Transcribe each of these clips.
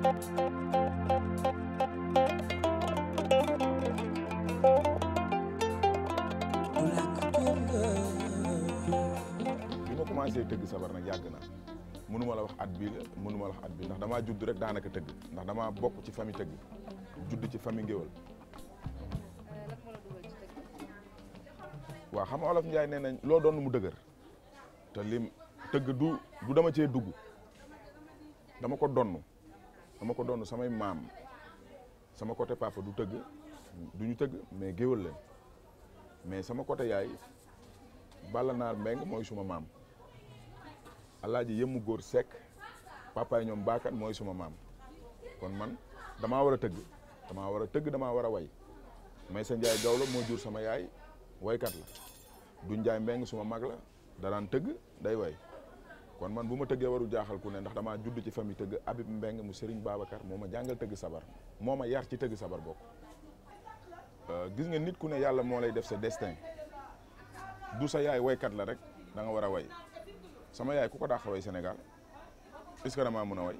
bi ma commencé tëgg sabar nag yàgg naa mënuma la wax at bii la mënuma la wax at bii ndax damaa judd rek daanaka tëgg ndax damaa bokk ci famille tëgg judd ci famille ngéwël waaw xam nga olof Njaay nee nañ loo doon mu dëgër te lim tëgg du dama cee dugg dama ko donn dama ko doon samay maam sama côté papa du tëgg du ñu tëgg mais géwël lañ mais sama côté yaay ballanaar mbeng mooy suma maam alaaji yëmmu góor sekk papaay ñoom baakan mooy suma maam kon man dama war a tëgg damaa war a tëgg damaa war a way mais sa njaay gawlo moo jur sama yaay waykat la du njaay mbeng suma mag la daraan tëgg day way kon man bu ma tëggee waru jaaxal ku ne ndax damaa judd ci famille tëgg Habib Mbeng mu Serigne Babacar moo a jàngal tëgg sabar moo ma yar ci tëgg sabar bokk euh, gis nga nit ku ne yàlla moo lay def sa destin du sa yaay woykat la rek danga war a way sama yaay ku ko dàq way Sénégal est-ce que mën a woy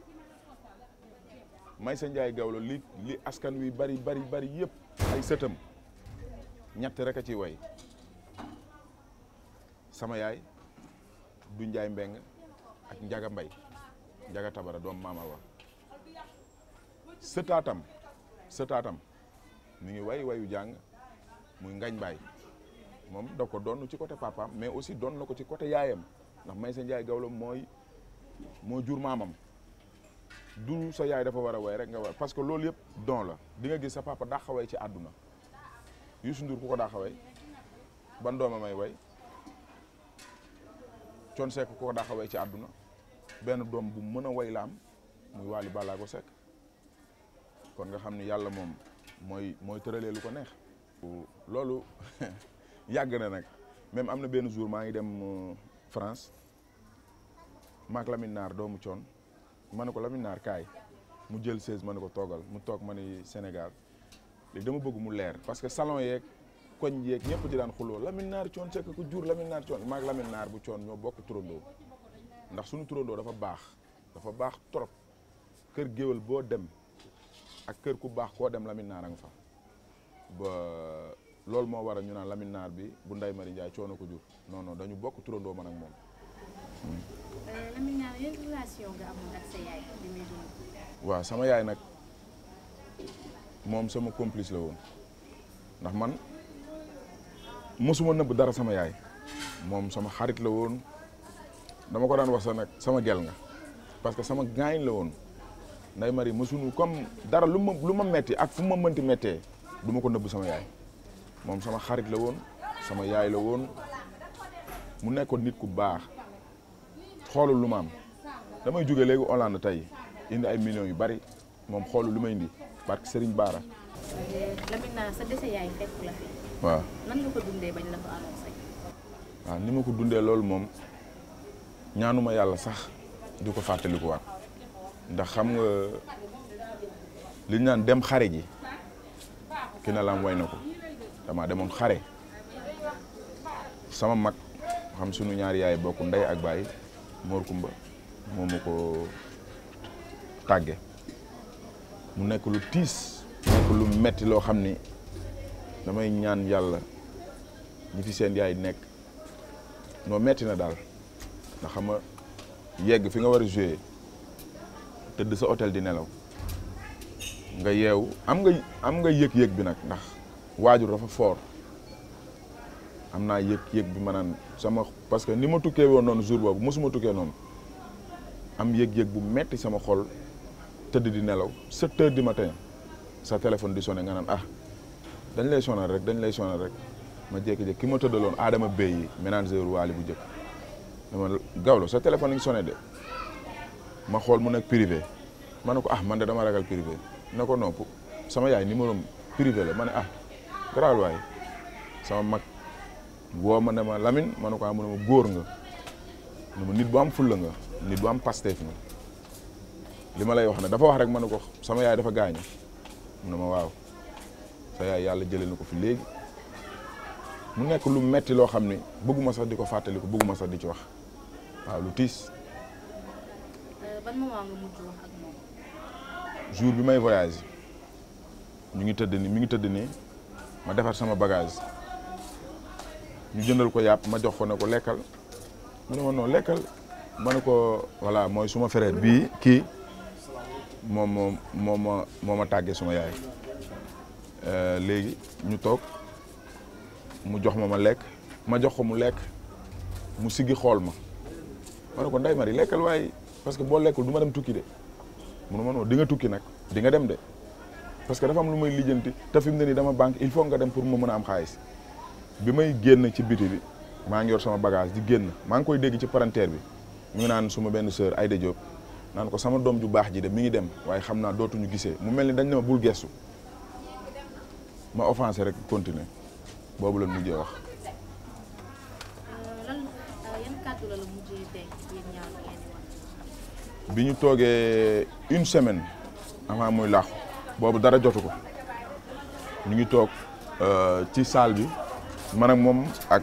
may sa njaay gawlo li li askan wi bari bari bari yëpp ay sëtam ñett rek a ciy woy sama yaay du njaay mbeng ak Njaga Mbay Njaga Tabara doom maama wa sëtaatam sëtaatam mi ngi way wayu jàng muy ngañ baay moom da ko doon ci côté papaam mais aussi doon na ko ci côté yaayam ndax may sa njaay gawlo mooy moo jur maamam du sa yaay dafa war a way rek nga war parce que loolu yëpp don la di nga gis sa papa daa xaway ci àdduna Youssou Ndour ku ko daa xaway ban dooma may way Thione ku ko daa xaway ci àdduna benn doom bu mën a way la am muy Waly Ballago Seck kon nga xam ni yàlla moom mooy mooy tëralee lu ko neex. loolu yàgg na nag même am na benn jour maa ngi dem euh, France maak Lamine Naar doomu coon ma ne ko Lamine Naar kaay mu jël chaise ma ko toogal mu toog ma ni Sénégal léegi dama bëgg mu leer parce que salon yeeg koñ yeeg ñëpp di daan xuloo Lamine Naar coon Seck ku jur Lamine Naar coon maak Lamine Naar bu coon ñoo bokk turandoo. ndax suñu turandoo dafa baax dafa baax torop kër geewal bo dem ak kër ku baax ko dem Lamine nar nga fa ba loolu mo wara ñu naan Lamine nar bi bu nday mari ndjay coono ko jur non non dañu bokk turandoo man ak mom euh, wa sama yaay nak mom sama complice la won ndax man musuma neub dara sama yaay mom sama xarit la won dama ko daan wax sa nag sama gel nga parce que sama gaañ la woon nday mari mësuñu comme dara lu ma lu ma metti ak fu ma mënti méttee du ma ko nëbb sama yaay moom sama xarit la woon sama yaay la woon mu nekkoon nit ku baax xoolul lu ma am damay jóge léegi Hollande tey indi ay million yu bari moom xoolul lu may indi que Serigne Baara. Lamina sa dese yaay fekk la fi. waaw nan nga ko dundee bañ la ko annoncé. waaw ah, ni ma ko dundee loolu moom ñaanuma yalla sax di ko wat ndax xam nga li ñaan dem xare ji ki na lam waynako dama xare sama mak xam sunu ñaar yaay ya nday ak baye Mor Kumba moo ma ko mu nek lu tis nek lu metti lo xamni damay ñaan yalla ñi fi seen yaay nek no metti na dal nah xam nga yegg fi nga war a joué sa hotel di nelaw nga yeewu am nga am nga yek yek bi nag ndax waajur dafa fort am naa yek bi ma sama parce que ni ma tukkee non noonu jour boobu mosuma tukkee noonu am yek yek bu metti sama xol tëdd di nelaw sept heures du matin sa téléphone di sonné nga ah dañ lay sonal rek dañ lay sonal rek ma jékki-jékki ki ma tëddaloon Adama Bey yi ménageur waali bu dama gawlo sa téléphone ngi sonné de ma xool mu nekk privé ma ne ko ah man de dama ragal privé na ko sama yaay numéro privé la ma ne ah garaawal sama mag woo ma ne ma Lamine ma ne ko ah mu ne ma góor nit bu am fulla nga nit bu am pasteef nga li ma lay wax ne dafa wax rek ma ne ko sama yaay dafa gaañu mu ne ma waaw yaay yàlla jëlee na ko fi léegi mu nekk lu metti loo xam ni bëgguma sax di ko fàttali bugguma bëgguma sax di ci wax waaw lu tiis. Euh, jour bi may voyage ñu ngi tëdd ni mu ngi tëdd nii ma defar sama bagage ñu jëndal ko yàpp ma jox ko ne ko lekkal mu ne ma non lekkal ma ne ko voilà mooy suma frère bii kii moom moo moo ma moo ma tàggee suma yaay euh, léegi ñu toog mu jox ma ma lekk ma jox ko mu lekk mu siggi xool ma. ma ne ko nday mari lekkal waaye parce que boo lekkul du ma dem tukki de munu ma noo di nga tukki nag di nga dem de parce que dafa am lu may lijjanti te fi mu ne nii dama banque il faut nga dem pour ma mën a am xaalis bi may génn ci biti bi maa ngi yor sama bagage ji génn maa ngi koy dégg ci parenteer bi mu ngi naan suma benn sœur Aïda Diop naan ko sama doom ju baax ji de mi ngi dem waaye xam naa dootuñu gisee mu mel ni dañ ne ma bul gestu ma offensé rek continuer boobu la mujjee wax biñu la une semaine avant moy lakh bobu dara ñu ngi euh ci salle bi man ak mom ak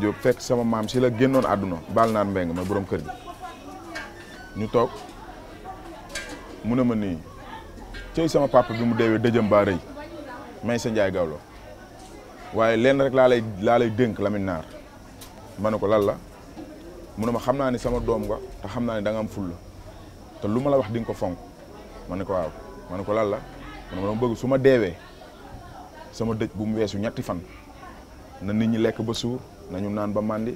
job fek sama mam si la gennon aduna bal nan mbeng ma borom keur bi ñu tok ma sama papa bi mu deewee dëjëm ba reuy may sa ndjay gawlo waye lenn rek la lay la lay Lamine nar manuko lan la mu ma xamna ni sama dom nga ta xamna ni da nga am ful te luma la wax ding ko fonk ma ko waaw ko la ma su sama dëj bu mu wessu ñetti fan na nit ñi lek ba suur ñu naan ba mandi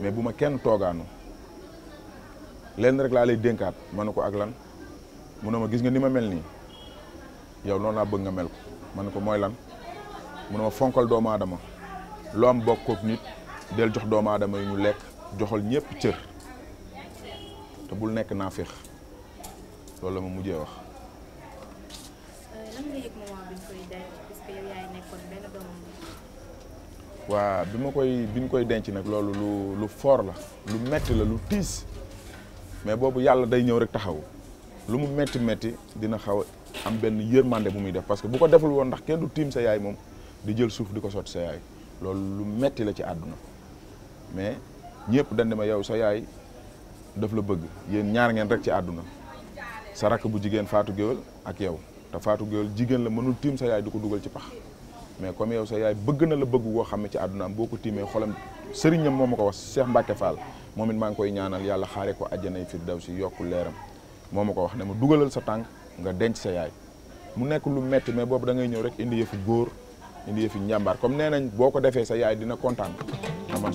mais buma kenn toogaanu lenn rek la lay ak lan mu ma gis nga nima melni yow non la bëgg nga mel ko lan ma fonkal adama lo am nit del jox adama yu ñu joxol ñepp cër te bul nekk nafiq loolu la ma mujjé wax. wa bima koy biñ koy denc nak loolu lu lu fort la lu metti la lu tiis mais bobu yalla day ñew rek taxaw lu mu metti metti dina xaw am ben yermande bu muy def parce que bu ko deful won ndax kenn du tim sa yaay mom di jël souf di ko sotti sa yaay loolu lu metti la ci aduna mais. ñëpp dañ ne ma yow sa yaay daf la bëgg yéen ñaar ngeen rek ci àdduna sa rakk bu jigéen faatu Guewel ak yow te Fatou Guewel jigéen la mënul tiim sa yaay di ko dugal ci pax mais comme yow sa yaay bëgg na la bëgg goo xam ne ci àddunaam boo ko tiimee xolam sëriñam moo ma ko wax Cheikh Mbacke Fall moom it maa ngi koy ñaanal yàlla xaare ko àjjanay si yokku leeram moo ma ko wax ne ma dugalal sa tànk nga denc sa yaay mu nekk lu metti mais boobu dangay ñëw rek indi yëfi góor indi yëfi njàmbaar comme nee nañ boo ko defee sa yaay dina kontaan man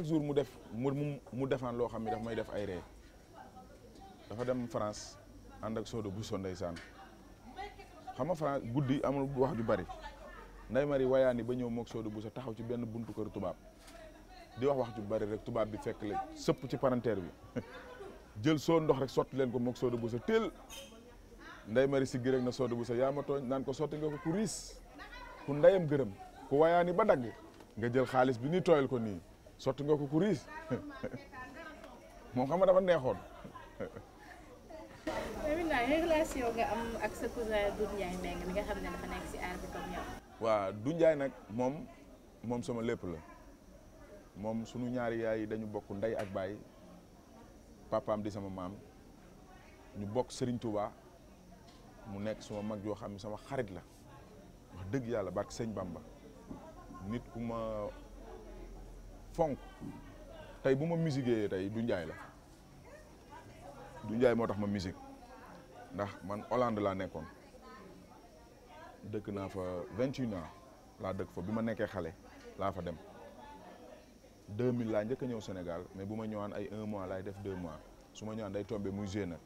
chaque jour mu def mu mu defaan lo xamni daf may def ay ree dafa dem France and ak Sodo Bousso ndeysaan xam nga France goudi amul wax ju bari nday mari wayani ba ñew mok Sodo Bousso taxaw ci benn buntu keur tubaab di wax wax ju bari rek tubaab bi fekk le sepp ci parenteer bi jël so ndox rek soti len ko mok Sodo Bousso teel nday mari sigg rek na Sodo Bousso ya ma togn nan ko soti nga ko ku riis ku ndayam gërëm ku wayani ba dag nga jël xaalis bi ni tooyal ko ni sotti nga ko kuris riis moom xam nga dafa neexoon Mamina yan relation nga am ak sa cousin Doudou Ndiaye Mbengue nga xam dafa nekk si aar comme yow sama lepp la mom sunu ñaari yaay yi dañu bokk nday ak papa am di sama mam ñu bok Serigne Touba mu nek sama mag yo xamni sama xarit la wax deug yalla barke serigne Bamba nit kuma fonk tay buma ma musiquee tey du njaay la du njaay motax ma musique ndax man Hollande la nekkon deuk na fa 21 ans la deuk fa bima nekké xalé la fa dem 2000 la ñëk ñëw Sénégal mais buma ñëwaan ay 1 mois lay def 2 mois suma ñëwaan day tomber muy nak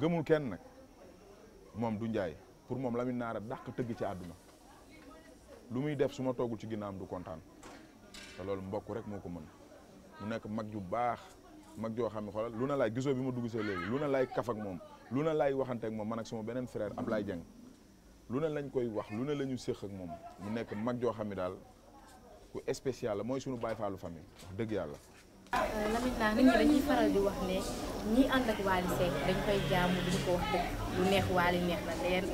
gëmul kenn nak mom du njaay pour mom Lamine nara dakk teug ci aduna lu muy def suma togul ci ginnaawam du contane te loolu mbokk rek moo ko mën mu nekk mag ju baax mag joo xam ne xoolal lu na laay gisoo bi ma dugg see léegi lu na laay kaf moom lu na laay waxante moom man ak sama beneen frère Ablaye Dieng lu ne lañ koy wax lu ne la ñu moom mu nekk mag joo xam ne daal ku la mooy suñu Baye Fallou famille dëgg yàlla. Euh, Lamine neex Wally neex na leen.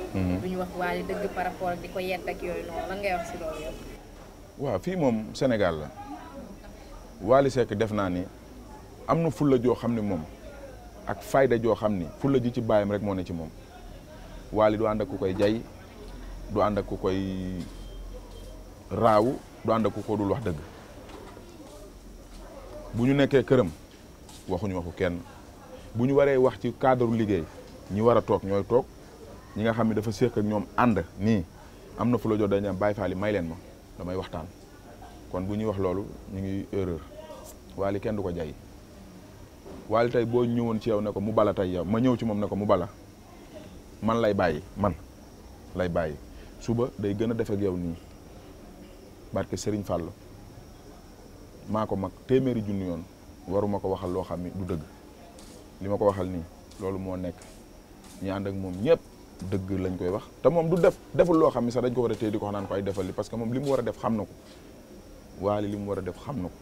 duñu mhm. wax Wally dëgg par di ko yedd ak yooyu noonu lan ngay wax si loolu waaw fii moom senegaal la Wally Seck def naa ni am na fulla joo xam ne moom ak fayda joo xam ni fulla ji ci baayam rek moo ne ci moom Wally du ànd ku koy jay du ànd ak ku koy raaw du ku ko wax dëgg bu ñu nekkee këram waxuñu waxu kenn bu ñu waree wax ci cadre liggéey ñi war a toog ñooy toog ñi nga xam ne dafa séq ak ñoom ànd nii am na fu la jot dañu bàyyi faali may leen ma may waxtaan kon bu ñuy wax loolu ñu ngi erreur waali kenn du ko jay waali tey boo ñëwoon ci yow ne ko mu bala tey yow ma ñëw ci moom ne ko mu bala man lay bàyyi man lay bàyyi suba day gën a def ak yow nii barke Serigne Fallou maa ko mag téeméeri junni yoon waruma ko waxal loo xam ni du dëgg li ma ko waxal nii loolu moo nekk ñi ànd ak moom ñëpp. dëgg lañ koy wax te moom du def deful loo xam ne sax dañ ko war a téye di ko naan ko ay defal li parce que moom li mu war a def xam na ko waali li mu war a def xam na ko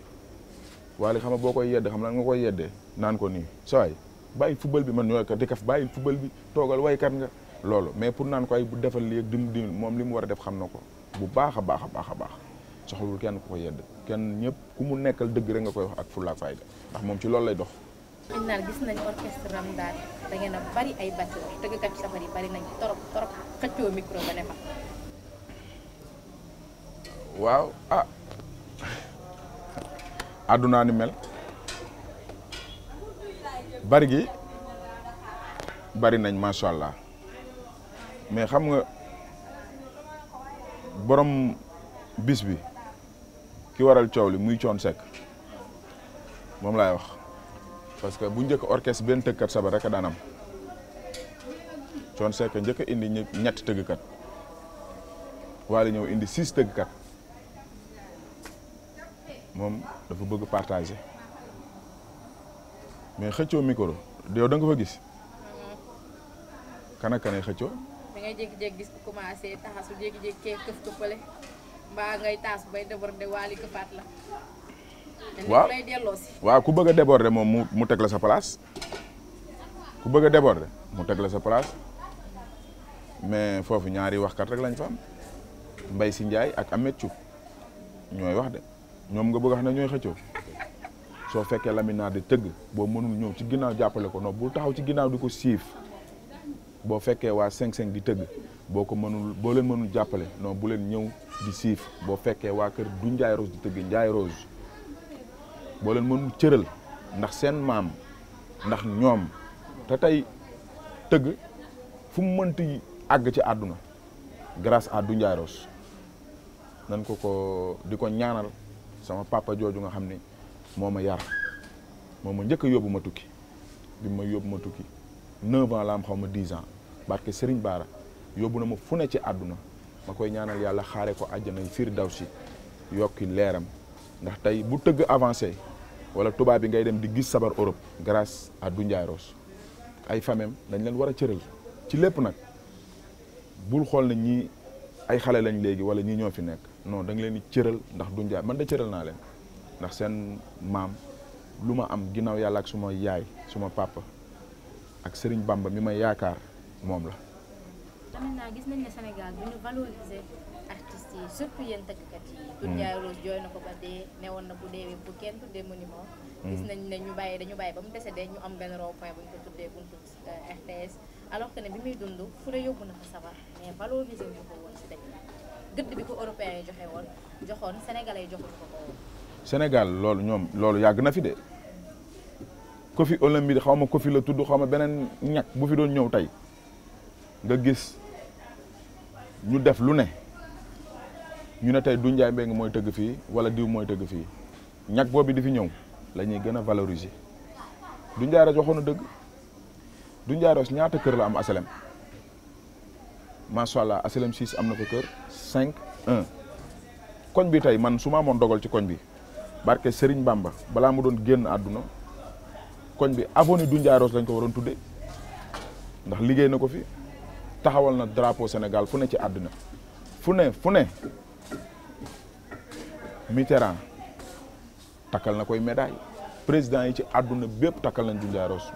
waali xam nga boo koy yedd xam lan nga koy yeddee naan ko nii saay bàyyi football bi man ñooy ko di kaf bàyyi football bi toogal waykat nga loolu mais pour naan ko ay bu defal li ak dim moom li mu war a def xam na ko bu baax a baax a baax a baax soxlawul kenn ku ko yedd kenn ñëpp ku mu nekkal dëgg rek nga koy wax ak fulla ak fayda ndax moom ci loolu lay dox dañ gis nañ orchestre ramdaan da ngeen a bari ay batteur tëggkat safari bari nañ torop torop xëccoo micro ba ne fa waaw ah aduna ni mel bari gi bari nañ masha allah mais xam nga borom bis bi ki waral coow li muy coon sekk moom laay wax parce que bu njëkk orchestre benn tëggkat sabar rek a daan njëkk indi ñetti tëggkat Wally ñëw indi six tëggkat moom dafa bëgg partager mais xëccoo micro yow da fa gis. kan ak kan ay xëccoo. gis ku commencé taxasu jékki-jékki kee këf këppale mbaa ngay taas bay débordé Wally këfaat la. waaw waaw ku bëgg a déborder moom mu mu teg la sa place ku bëgg a déborder mu teg la sa place mais foofu ñaari waxkat rek lañ fa am Mbaye si njaay ak Ameth Thiou ñooy wax de ñoom nga bëgg a xam ne ñooy xëccoo soo fekkee laminaar di tëgg boo mënul ñëw ci ginnaaw jàppale ko non bu taxaw ci ginnaaw di ko siif boo fekkee waa 5-5 di tëgg boo ko mënul boo leen mënul jàppale non bu leen ñëw di siif boo fekkee waa kër du Ndiaye Rose di tëgg Ndiaye Rose boo leen mënul cëral ndax seen maam ndax ñoom te tey tëgg fu mu mënti àgg ci àdduna grace à Doundiaye Rose nan ko ko di ko ñaanal sama papa jooju nga xam ni moom ma yar moom ma njëkk yóbbu ma tukki bi ma yóbbu ma tukki neuf ans la am xaw ma an ans barke Serigne Bara yóbbu na ma fu ne ci àdduna ma koy ñaanal yàlla xaare ko àjjana firdawsi yokki leeram ndax tey bu tëgg avancé wala tubaab bi ngay dem di gis sabar Europe grâce à Doundiaye Rose ay fameem dañ leen war a cëral ci lépp nag bul xool na ñii ay xale lañ léegi wala ñii ñoo fi nekk non dañ leen di cëral ndax Doundiaye man da cëral naa leen ndax seen maam lu ma am ginnaaw yàlla ak suma yaay suma pàpp ak sëriñ Bamba mi may yaakaar moom la. artistes surtout yéen tëggkat yi. Doudou mm. Ndiaye Rose jooy na ko ba dee newoon na bu deewee bu kenn tuddee monument. Mm. gis nañ bàyyi dañu bàyyi ba mu décédé ñu am benn rond point bu ñu ko tuddee buntu euh, RTS alors que ne bi muy dund fu ne yóbbu na fa sabar mais valoriser ñu gëdd bi ko européens yi joxe woon joxoon sénégalais yi joxuñu ko woon. Sénégal loolu ñoom loolu yàgg na fi de Kofi Olomide xaw ma Kofi la tudd xaw ma beneen ñàkk bu fi doon ñëw tey nga gis ñu def lu ne. ñu ne tey du Ndiaye Mbengue mooy tëgg fii wala diw mooy tëgg fii ñag boobu di fi ñëw lañuy gën a valoriser du Ndiaye Rose waxoon na dëgg du Ndiaye Rose ñaata kër la am asalem macha allah asalem 6 am na fa kër 5 1 koñ bi tey man su ma amoon dogal ci koñ bi barke Serigne Bamba balaa mu doon génn àdduna koñ bi avenue du Ndiaye Rose lañ ko waroon tudde ndax liggéey na ko fi taxawal na drapeau Sénégal fu ne ci àdduna fu ne fu ne Mitterrand takkal na koy médaille président yi ci àdduna bépp takkal nañ Doudou Ndiaye Rose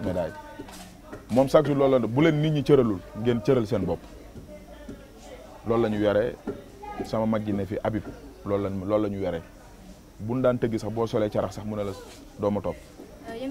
moom sax jour loolu la bu leen nit ñi cëralul ngeen cëral seen bopp loolu la ñu yoree sama mag gi ne fi Habib loolu la loolu la ñu yoree bu ñu daan tëgg sax boo solee carax sax mu ne la doo ma topp. Euh, yan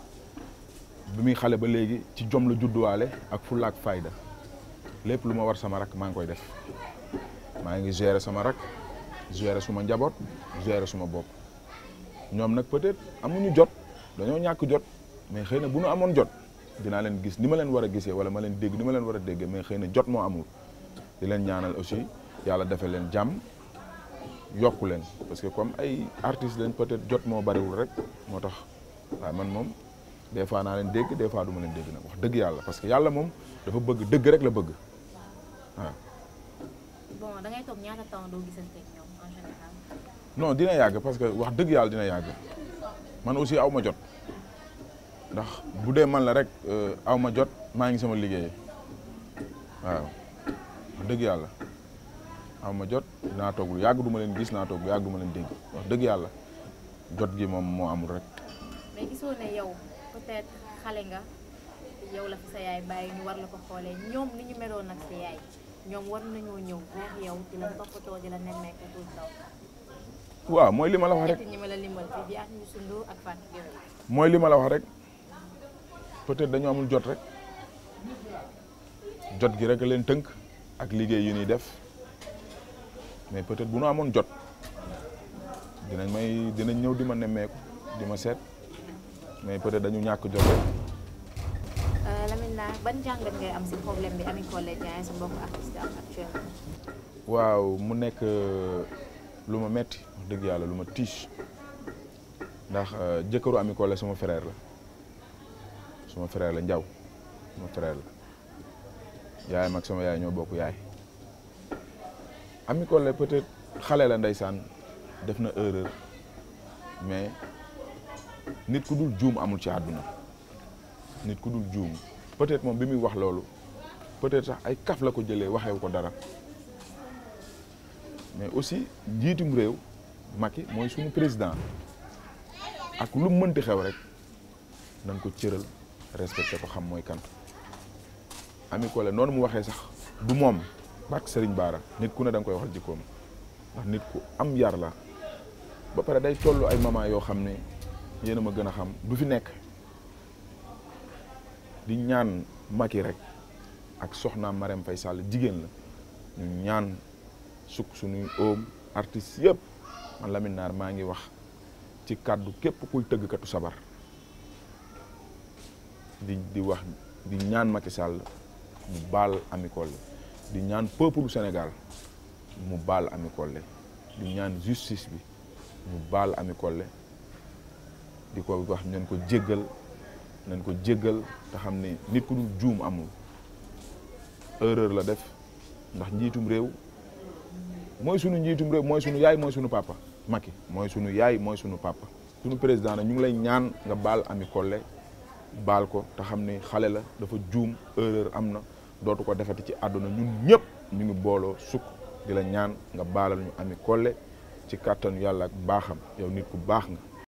bi muy xale ba léegi ci jom la judduwaale ak fulla ak fayda lépp lu ma war sama rak maa ngi koy def maa ngi gérer sama rak gérer suma njaboot gérer suma bopp ñoom nag peut-être amuñu jot dañoo ñàkk jot mais xëy na bu ñu amoon jot dinaa leen gis ni ma leen war a gisee wala ma leen dégg ni ma leen war a déggee mais xëy na jot moo amul di leen ñaanal aussi yàlla defee leen jàmm yokku leen parce que comme ay artistes lañ peut-être jot moo bariwul rek moo tax waaye man moom des fois na len deg des fois du ma deg dégg wax deug yalla parce que yalla mom dafa bëgg deug rek la bëgg bon da ngay tok ñaata temps do gisante ñom non dina yag parce que wax deug yalla dina yag man aussi awma jot ndax budé man la rek euh, awma jot ma ngi sama liggéey waaw wax dëgg yàlla aw jot na tok lu yag du ma leen gis na tok yag yàgg du ma leen dégg wax deug yalla jot gi mom mo amul rek. mais gisoo yow. peut-être xale nga yow la fi sa yaay bàyyi ñu war la ko xoolee ñoom ni ñu meloon nag sa yaay ñoom war nañoo ñëw waaw mooy li ma la wax rek ñi li ma la wax rek peut-être dañu amul jot rek jot gi rek leen tënk ak liggéey yu ñuy def mais peut-être bu nu amoon jot dinañ may dinañ ñëw di ma nemmeeku di ma seet mais peut-être dañu ñàkk jot euh, waaw mu nekk euh, lu ma metti dëgg yàlla lu ma tiis ndax euh, jëkkëru Ami Collé suma frère la suma frère la Ndiaw suma frère la yaayam ak sama yaay ñoo bokk yaay Ami Collé peut xale la ndeysaan def na erreur mais. nit ku dul juum amul ci àdduna nit ku dul juum peut-être moom bi muy wax loolu peut-être sax ay kaf la ko jëlee waxew ko dara mais aussi jiitum réew Macky mooy suñu président ak lu mënti xew rek nañ ko cëral respecté ko xam mooy kan Ami Collé noonu mu waxee sax du moom barke Serigne Bara nit ku ne da nga koy waxal jikkoom ndax nit ku am yar la ba pare day tollu ay moment yoo xam ne yéen ma gën a xam du fi nekk di ñaan maki rek ak soxna Marème Faye Sall jigéen la ñu ñaan suk suñuy oom artiste yëpp man Lamine Naar maa ngi wax ci kàddu képp kuy tëggkatu sabar di di wax di ñaan Macky Sall mu baal di ñaan peuple Sénégal mu baal di ñaan justice bi mu baal di ko wax nañ ko jéggal nañ ko jéggal te xam ni nit ku dul juum amul erreur la def ndax njiitum réew mooy sunu njiitum réew mooy sunu yaay mooy sunu papa Macky mooy sunu yaay mooy sunu papa sunu président na ñu ngi lay ñaan nga baal Ami Collé baal ko te xam ni xale la dafa juum erreur am na dootu ko defati ci àdduna ñun ñëpp ñu ngi booloo sukk di la ñaan nga baalal ñu Ami Collé ci kàttanu yàlla ak baaxam yow nit ku baax na